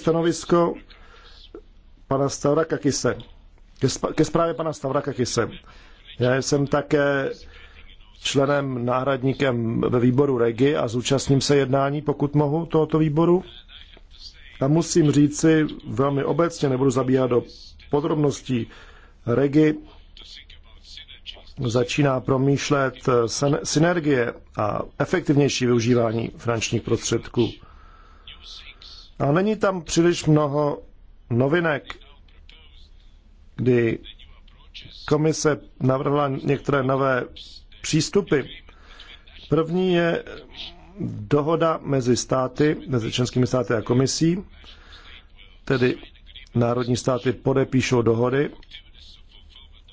stanovisko pana Stavrakakise. Ke zprávě pana Stavrakakise. Já jsem také členem, náhradníkem ve výboru REGI a zúčastním se jednání, pokud mohu, tohoto výboru. A musím říci velmi obecně, nebudu zabíhat do podrobností, REGI začíná promýšlet synergie a efektivnější využívání finančních prostředků. No, a není tam příliš mnoho novinek, kdy komise navrhla některé nové přístupy. První je dohoda mezi státy, mezi členskými státy a komisí, tedy národní státy podepíšou dohody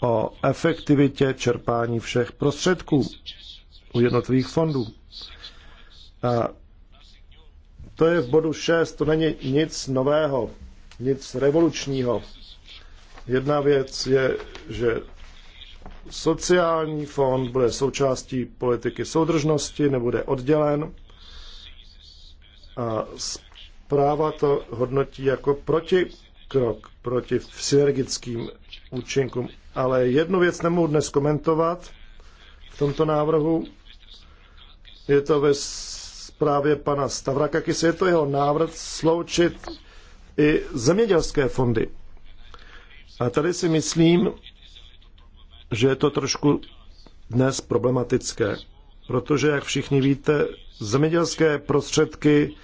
o efektivitě čerpání všech prostředků u jednotlivých fondů. A to je v bodu 6, to není nic nového, nic revolučního. Jedna věc je, že sociální fond bude součástí politiky soudržnosti, nebude oddělen. A zpráva to hodnotí jako protikrok proti synergickým účinkům. Ale jednu věc nemohu dnes komentovat v tomto návrhu. Je to ve zprávě pana Stavrakakis, je to jeho návrh sloučit i zemědělské fondy. A tady si myslím, že je to trošku dnes problematické, protože, jak všichni víte, zemědělské prostředky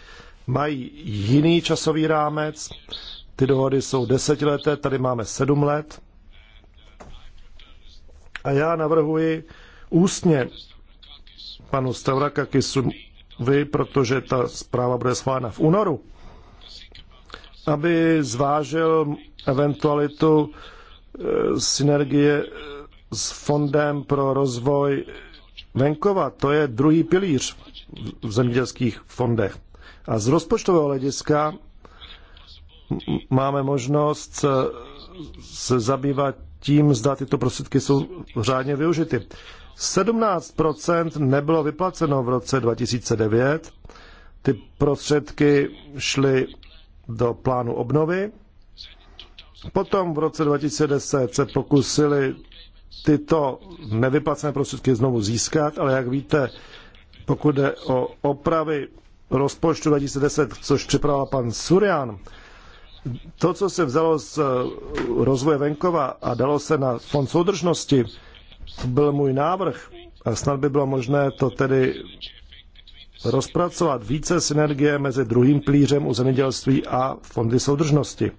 mají jiný časový rámec, ty dohody jsou desetileté, tady máme sedm let. A já navrhuji ústně panu Stavrakakisu vy, protože ta zpráva bude schválena v únoru, aby zvážil eventualitu e, synergie s Fondem pro rozvoj venkova. To je druhý pilíř v zemědělských fondech. A z rozpočtového hlediska máme možnost se zabývat tím, zda tyto prostředky jsou řádně využity. 17% nebylo vyplaceno v roce 2009. Ty prostředky šly do plánu obnovy. Potom v roce 2010 se pokusili tyto nevyplacené prostředky znovu získat, ale jak víte, pokud jde o opravy rozpočtu 2010, což připravoval pan Surian, to, co se vzalo z eh, rozvoje venkova a dalo se na fond soudržnosti, to byl můj návrh a snad by bylo možné to tedy rozpracovat více synergie mezi druhým plířem u zemědělství a fondy soudržnosti.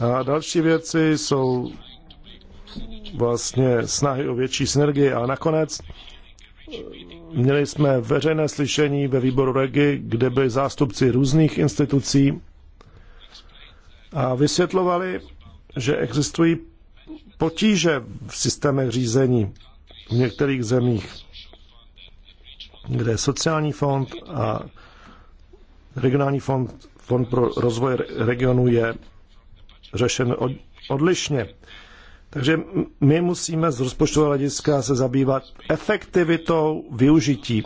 A další věci jsou vlastně snahy o větší synergii, ale nakonec Měli jsme veřejné slyšení ve výboru REGI, kde byli zástupci různých institucí a vysvětlovali, že existují potíže v systémech řízení v některých zemích, kde je sociální fond a regionální fond, fond pro rozvoj regionu je řešen odlišně. Takže my musíme z rozpočtového hlediska se zabývat efektivitou využití.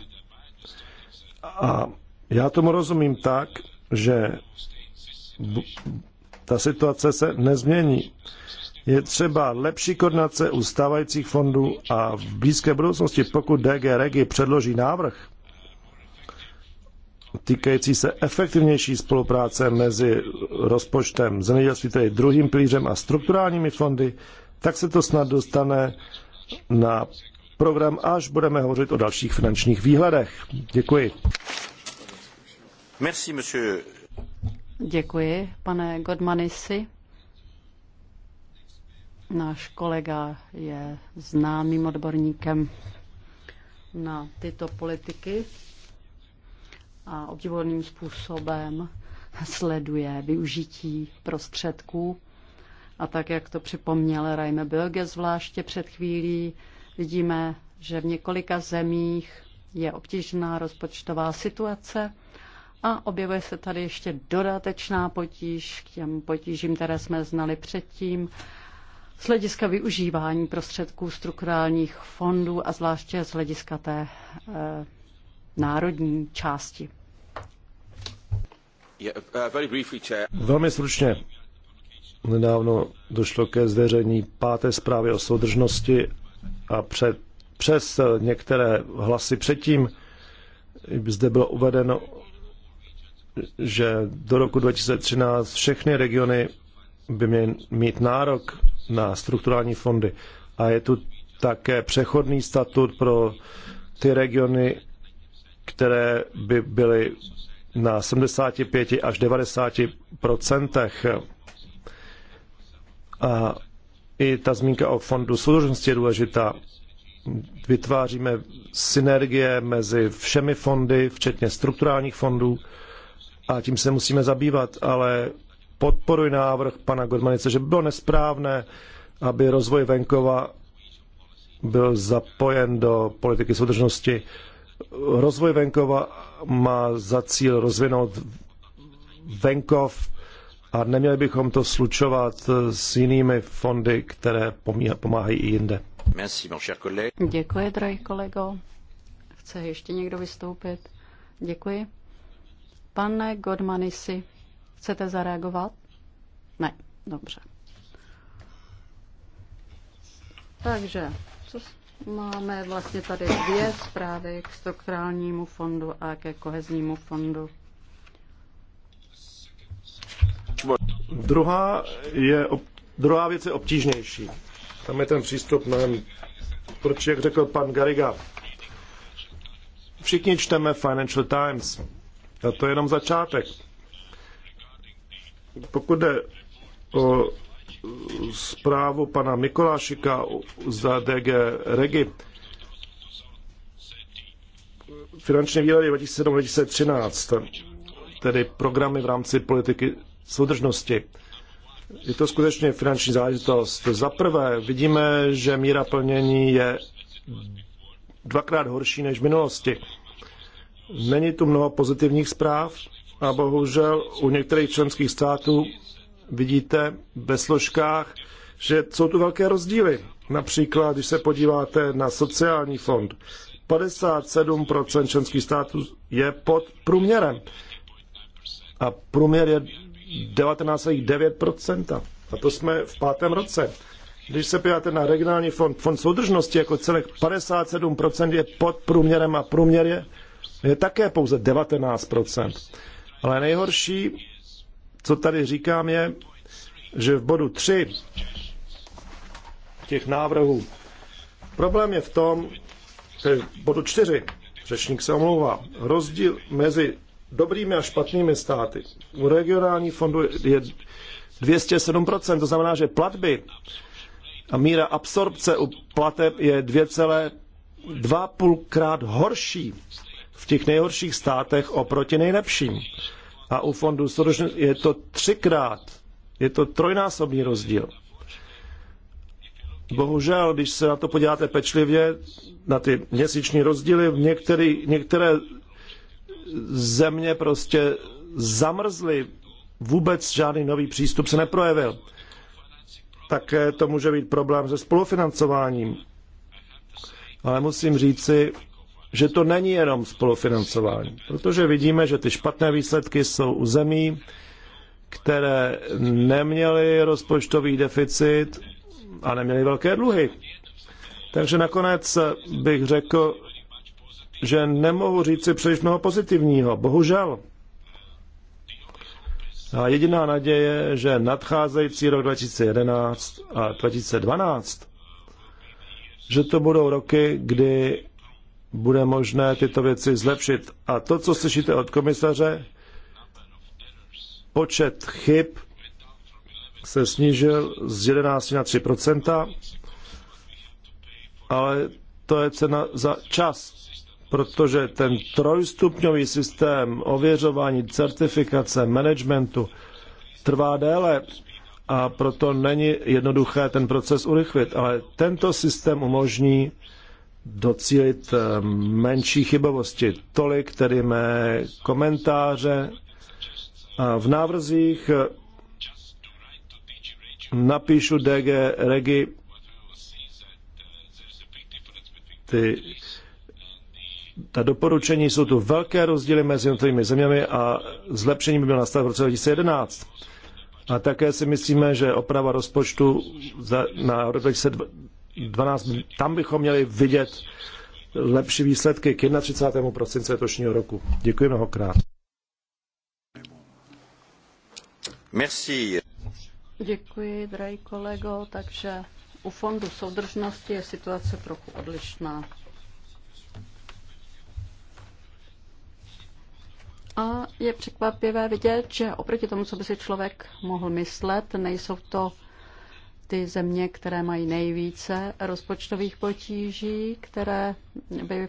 A já tomu rozumím tak, že ta situace se nezmění. Je třeba lepší koordinace u stávajících fondů a v blízké budoucnosti, pokud DG Regi předloží návrh týkající se efektivnější spolupráce mezi rozpočtem zemědělství, tedy druhým pilířem a strukturálními fondy, tak se to snad dostane na program, až budeme hovořit o dalších finančních výhledech. Děkuji. Merci, monsieur. Děkuji, pane Godmanisi. Náš kolega je známým odborníkem na tyto politiky a obdivuhodným způsobem sleduje využití prostředků a tak, jak to připomněl Raime Bilge zvláště před chvílí, vidíme, že v několika zemích je obtížná rozpočtová situace a objevuje se tady ještě dodatečná potíž k těm potížím, které jsme znali předtím z hlediska využívání prostředků strukturálních fondů a zvláště z hlediska té e, národní části. Eh, Velmi stručně, Nedávno došlo ke zveřejnění páté zprávy o soudržnosti a před, přes některé hlasy předtím zde bylo uvedeno, že do roku 2013 všechny regiony by měly mít nárok na strukturální fondy. A je tu také přechodný statut pro ty regiony, které by byly na 75 až 90 procentech i ta zmínka o fondu soudržnosti je důležitá. Vytváříme synergie mezi všemi fondy, včetně strukturálních fondů, a tím se musíme zabývat, ale podporuji návrh pana Godmanice, že by bylo nesprávné, aby rozvoj venkova byl zapojen do politiky soudržnosti. Rozvoj venkova má za cíl rozvinout venkov a neměli bychom to slučovat eh, s jinými fondy, které pomáhají i jinde. Děkuji, drahý kolego. Chce ještě někdo vystoupit? Děkuji. Pane Godmanisi, chcete zareagovat? Ne, dobře. Takže, co máme vlastně tady dvě zprávy k strukturálnímu fondu a ke koheznímu fondu. Druhá, je, druhá věc je obtížnější. Tam je ten přístup mnohem, proč, jak řekl pan Gariga, všichni čteme Financial Times. A to je jenom začátek. Pokud jde o zprávu pana Mikolášika za DG Regi, finanční výhledy 2007-2013, tedy programy v rámci politiky soudržnosti. Je to skutečně finanční záležitost. Za prvé vidíme, že míra plnění je dvakrát horší než v minulosti. Není tu mnoho pozitivních zpráv a bohužel u některých členských států vidíte ve složkách, že jsou tu velké rozdíly. Například, když se podíváte na sociální fond, 57% členských států je pod průměrem. A průměr je 19,9%. A to jsme v pátém roce. Když se podíváte na regionální fond, fond soudržnosti jako celek 57% je pod průměrem a průměr je, je také pouze 19%. Ale nejhorší, co tady říkám, je, že v bodu 3 těch návrhů problém je v tom, že v bodu 4 řečník se omlouvá, rozdíl mezi dobrými a špatnými státy. U regionální fondu je 207%, to znamená, že platby a míra absorpce u plateb je 2,5 krát horší v těch nejhorších státech oproti nejlepším. A u fondu je to třikrát, je to trojnásobný rozdíl. Bohužel, když se na to podíváte pečlivě, na ty měsíční rozdíly, některý, některé země prostě zamrzly, vůbec žádný nový přístup se neprojevil. Také to může být problém se spolufinancováním. Ale musím říci, že to není jenom spolufinancování, protože vidíme, že ty špatné výsledky jsou u zemí, které neměly rozpočtový deficit a neměly velké dluhy. Takže nakonec bych řekl, že nemohu si příliš mnoho pozitivního, bohužel. A jediná naděje je, že nadcházející rok 2011 a 2012, že to budou roky, kdy bude možné tyto věci zlepšit. A to, co slyšíte od komisaře, počet chyb se snížil z 11 na 3 ale to je cena za čas, protože ten trojstupňový systém ověřování, certifikace, managementu trvá déle a proto není jednoduché ten proces urychlit, ale tento systém umožní docílit eh, menší chybovosti. Tolik tedy mé komentáře. A v návrzích eh, napíšu DG Regi ty ta doporučení jsou tu velké rozdíly mezi jednotlivými zeměmi a zlepšení by mělo nastat v roce 2011. A také si myslíme, že oprava rozpočtu na rok 2012, tam bychom měli vidět lepší výsledky k 31. prosince letošního roku. Děkuji mnohokrát. Merci. Děkuji, drahý kolego. Takže u Fondu soudržnosti je situace trochu odlišná. A je překvapivé vidět, že oproti tomu, co by si člověk mohl myslet, nejsou to ty země, které mají nejvíce rozpočtových potíží, které by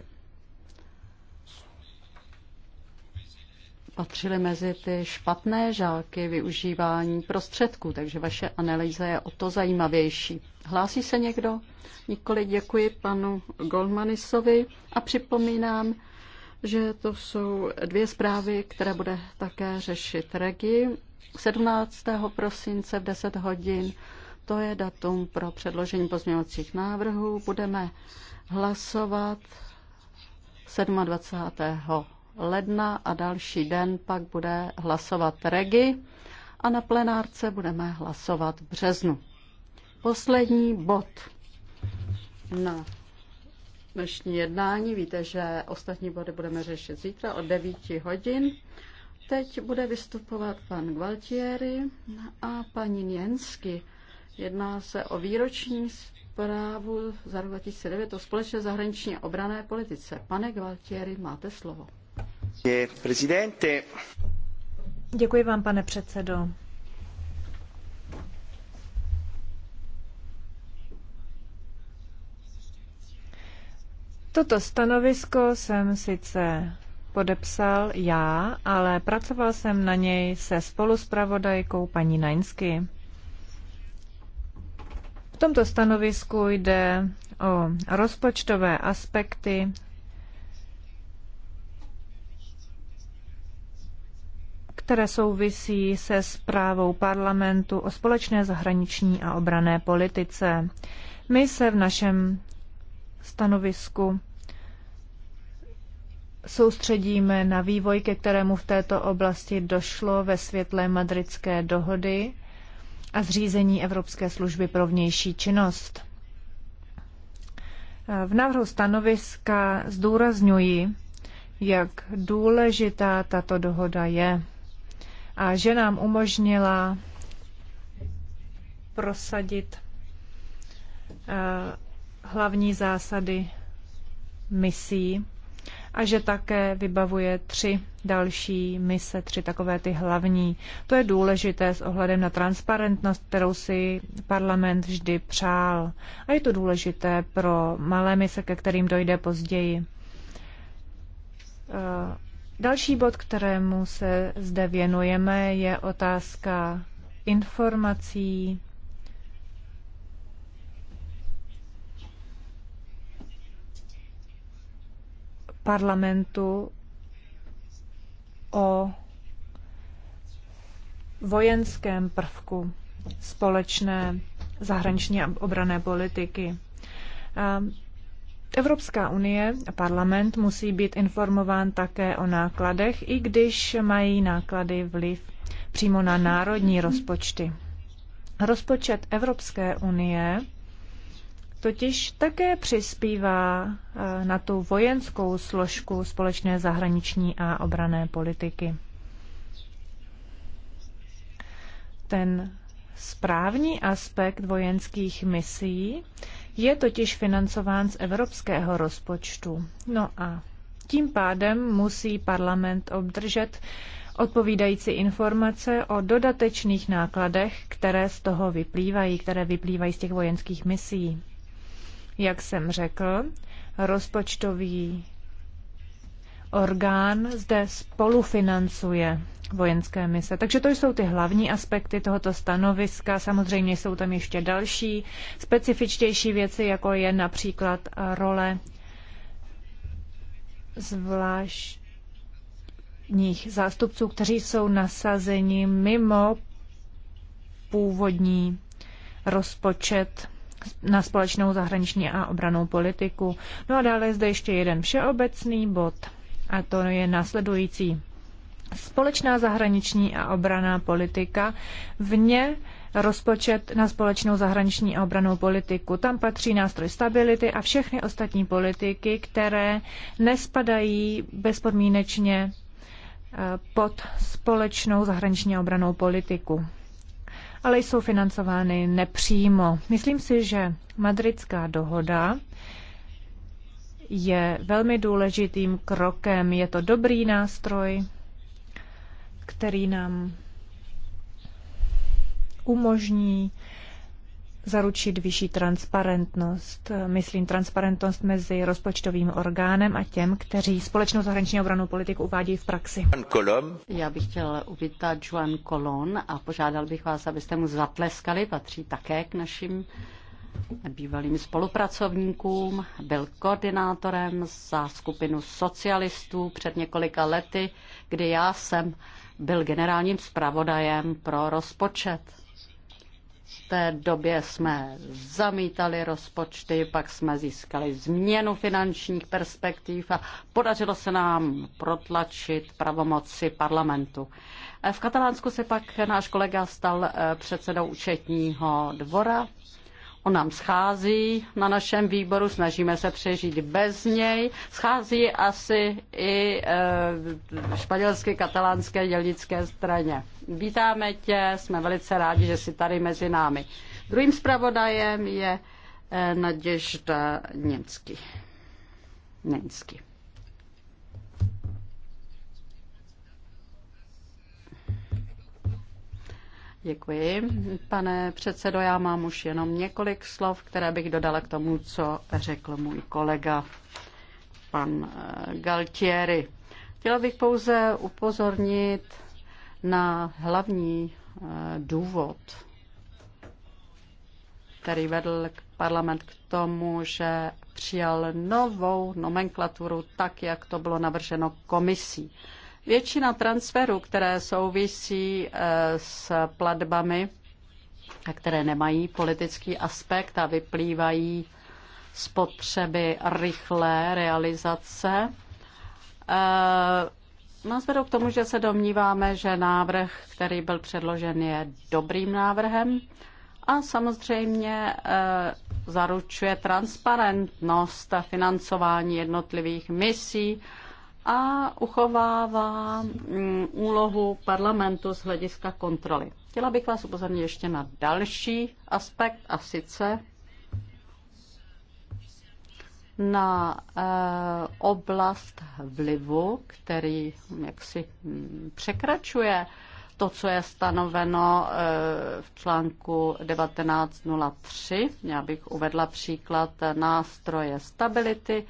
patřily mezi ty špatné žáky využívání prostředků, takže vaše analýza je o to zajímavější. Hlásí se někdo? Nikoli děkuji panu Goldmanisovi a připomínám, že to jsou dvě zprávy, které bude také řešit Regi. 17. prosince v 10 hodin, to je datum pro předložení pozměňovacích návrhů. Budeme hlasovat 27. ledna a další den pak bude hlasovat Regi a na plenárce budeme hlasovat v březnu. Poslední bod na dnešní jednání. Víte, že ostatní body budeme řešit zítra od 9 hodin. Teď bude vystupovat pan Gualtieri a paní Jensky. Jedná se o výroční zprávu za rok 2009 o společné zahraniční obrané politice. Pane Gualtieri, máte slovo. Děkuji vám, pane předsedo. Toto stanovisko jsem sice podepsal já, ale pracoval jsem na něj se spoluspravodajkou paní Nainsky. V tomto stanovisku jde o rozpočtové aspekty které souvisí se zprávou parlamentu o společné zahraniční a obrané politice. My se v našem stanovisku soustředíme na vývoj, ke kterému v této oblasti došlo ve světle madridské dohody a zřízení Evropské služby pro vnější činnost. V návrhu stanoviska zdůrazňuji, jak důležitá tato dohoda je a že nám umožnila prosadit eh, hlavní zásady misí a že také vybavuje tři další mise, tři takové ty hlavní. To je důležité s ohledem na transparentnost, kterou si parlament vždy přál. A je to důležité pro malé mise, ke kterým dojde později. Eh, další bod, kterému se zde věnujeme, je otázka informací parlamentu o vojenském prvku společné zahraniční a obrané politiky. Ehm, Evropská unie a parlament musí být informován také o nákladech, i když mají náklady vliv přímo na národní rozpočty. Rozpočet Evropské unie totiž také přispívá eh, na tu vojenskou složku společné zahraniční a obrané politiky. Ten správní aspekt vojenských misí je totiž financován z evropského rozpočtu. No a tím pádem musí parlament obdržet odpovídající informace o dodatečných nákladech, které z toho vyplývají, které vyplývají z těch vojenských misí. Jak jsem řekl, rozpočtový orgán zde spolufinancuje vojenské mise. Takže to jsou ty hlavní aspekty tohoto stanoviska. Samozřejmě jsou tam ještě další specifičtější věci, jako je například role zvláštních zástupců, kteří jsou nasazeni mimo původní rozpočet na společnou zahraniční a obranou politiku. No a dále je zde ještě jeden všeobecný bod a to je následující. Společná zahraniční a obraná politika vně rozpočet na společnou zahraniční a obranou politiku. Tam patří nástroj stability a všechny ostatní politiky, které nespadají bezpodmínečně eh, pod společnou zahraniční a obranou politiku ale jsou financovány nepřímo. Myslím si, že madridská dohoda je velmi důležitým krokem. Je to dobrý nástroj, který nám umožní zaručit vyšší transparentnost, myslím transparentnost mezi rozpočtovým orgánem a těm, kteří společnou zahraniční obranou politiku uvádějí v praxi. Já bych chtěl uvítat Juan Colon a požádal bych vás, abyste mu zatleskali, patří také k našim bývalým spolupracovníkům, byl koordinátorem za skupinu socialistů před několika lety, kdy já jsem byl generálním zpravodajem pro rozpočet té době jsme zamítali rozpočty, pak jsme získali změnu finančních perspektiv a podařilo se nám protlačit pravomoci parlamentu. Eh, v Katalánsku se pak náš kolega stal eh, předsedou účetního dvora On nám schází na našem výboru, snažíme se přežít bez něj. Schází asi i e, španělské katalánské dělnické straně. Vítáme tě, jsme velice rádi, že jsi tady mezi námi. Druhým zpravodajem je e, Naděžda Němcky. Němsky. Děkuji. Pane předsedo, já mám už jenom několik slov, které bych dodala k tomu, co řekl můj kolega, pan eh, Galtieri. Chtěla bych pouze upozornit na hlavní eh, důvod, který vedl parlament k tomu, že přijal novou nomenklaturu tak, jak to bylo navrženo komisí. Většina transferů, které souvisí eh, s platbami a které nemají politický aspekt a vyplývají z potřeby rychlé realizace, eh, nás vedou k tomu, že se domníváme, že návrh, který byl předložen, je dobrým návrhem a samozřejmě eh, zaručuje transparentnost a financování jednotlivých misí a uchovává mm, úlohu parlamentu z hlediska kontroly. Chtěla bych vás upozornit ještě na další aspekt a sice na e, oblast vlivu, který mm, jaksi mm, překračuje to, co je stanoveno e, v článku 1903. Já bych uvedla příklad nástroje stability,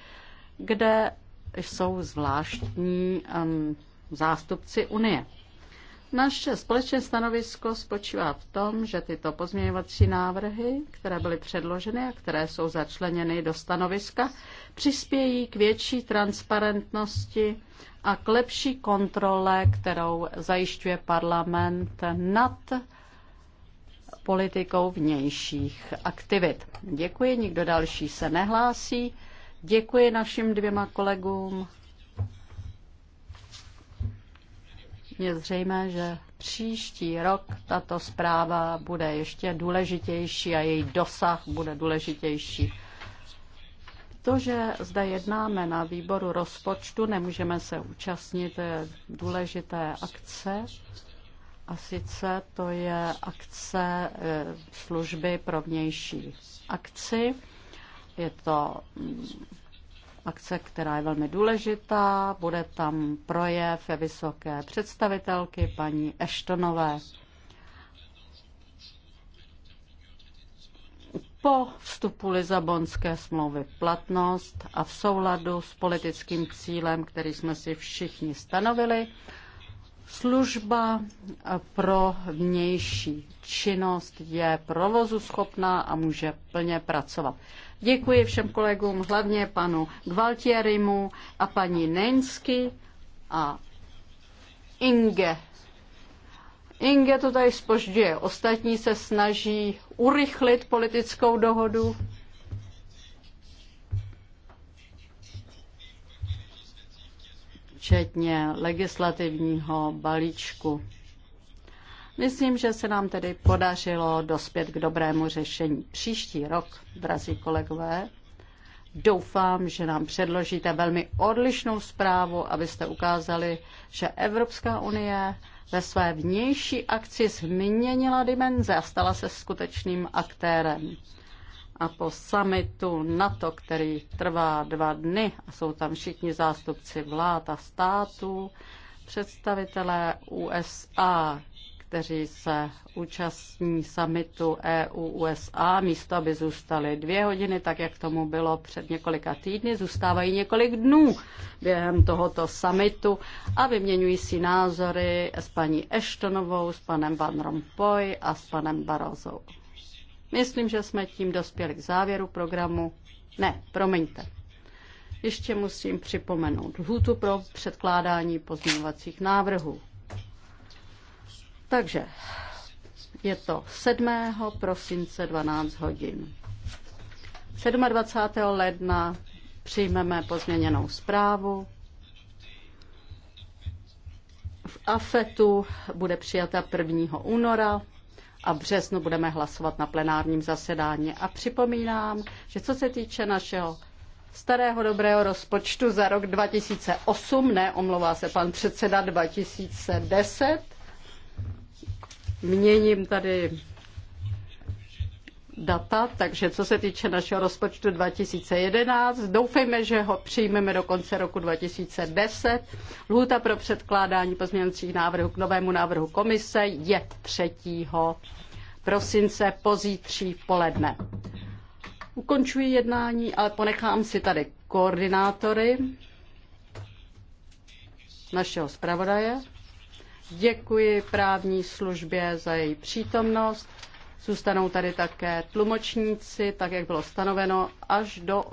kde jsou zvláštní um, zástupci Unie. Naše společné stanovisko spočívá v tom, že tyto pozměňovací návrhy, které byly předloženy a které jsou začleněny do stanoviska, přispějí k větší transparentnosti a k lepší kontrole, kterou zajišťuje parlament nad politikou vnějších aktivit. Děkuji, nikdo další se nehlásí. Děkuji našim dvěma kolegům. Je zřejmé, že příští rok tato zpráva bude ještě důležitější a její dosah bude důležitější. To, že zde jednáme na výboru rozpočtu, nemůžeme se účastnit důležité akce, a sice to je akce e, služby pro vnější akci. Je to mm, akce, která je velmi důležitá. Bude tam projev vysoké představitelky paní Eštonové. Po vstupu Lizabonské smlouvy v platnost a v souladu s politickým cílem, který jsme si všichni stanovili, Služba pro vnější činnost je provozu schopná a může plně pracovat. Děkuji všem kolegům, hlavně panu Gvaltierimu a paní Nensky a Inge. Inge to tady spožďuje. Ostatní se snaží urychlit politickou dohodu. Včetně legislativního balíčku. Myslím, že se nám tedy podařilo dospět k dobrému řešení. Příští rok, drazí kolegové, doufám, že nám předložíte velmi odlišnou zprávu, abyste ukázali, že Evropská unie ve své vnější akci změnila dimenze a stala se skutečným aktérem. A po summitu NATO, který trvá dva dny a jsou tam všichni zástupci vlád a států, představitelé USA, kteří se účastní summitu EU-USA, místo aby zůstali dvě hodiny, tak jak tomu bylo před několika týdny, zůstávají několik dnů během tohoto summitu a vyměňují si názory s paní Eštonovou, s panem Van Rompuy a s panem Barozou. Myslím, že jsme tím dospěli k závěru programu. Ne, promiňte. Ještě musím připomenout lhůtu pro předkládání pozměňovacích návrhů. Takže je to 7. prosince 12 hodin. 27. ledna přijmeme pozměněnou zprávu. V AFETu bude přijata 1. února a v březnu budeme hlasovat na plenárním zasedání. A připomínám, že co se týče našeho starého dobrého rozpočtu za rok 2008, ne, omlouvá se pan předseda 2010, Měním tady data, takže co se týče našeho rozpočtu 2011, doufejme, že ho přijmeme do konce roku 2010. Lhůta pro předkládání pozměňovacích návrhů k novému návrhu komise je 3. prosince pozítří v poledne. Ukončuji jednání, ale ponechám si tady koordinátory našeho zpravodaje. Děkuji právní službě za její přítomnost. Zůstanou tady také tlumočníci, tak jak bylo stanoveno, až do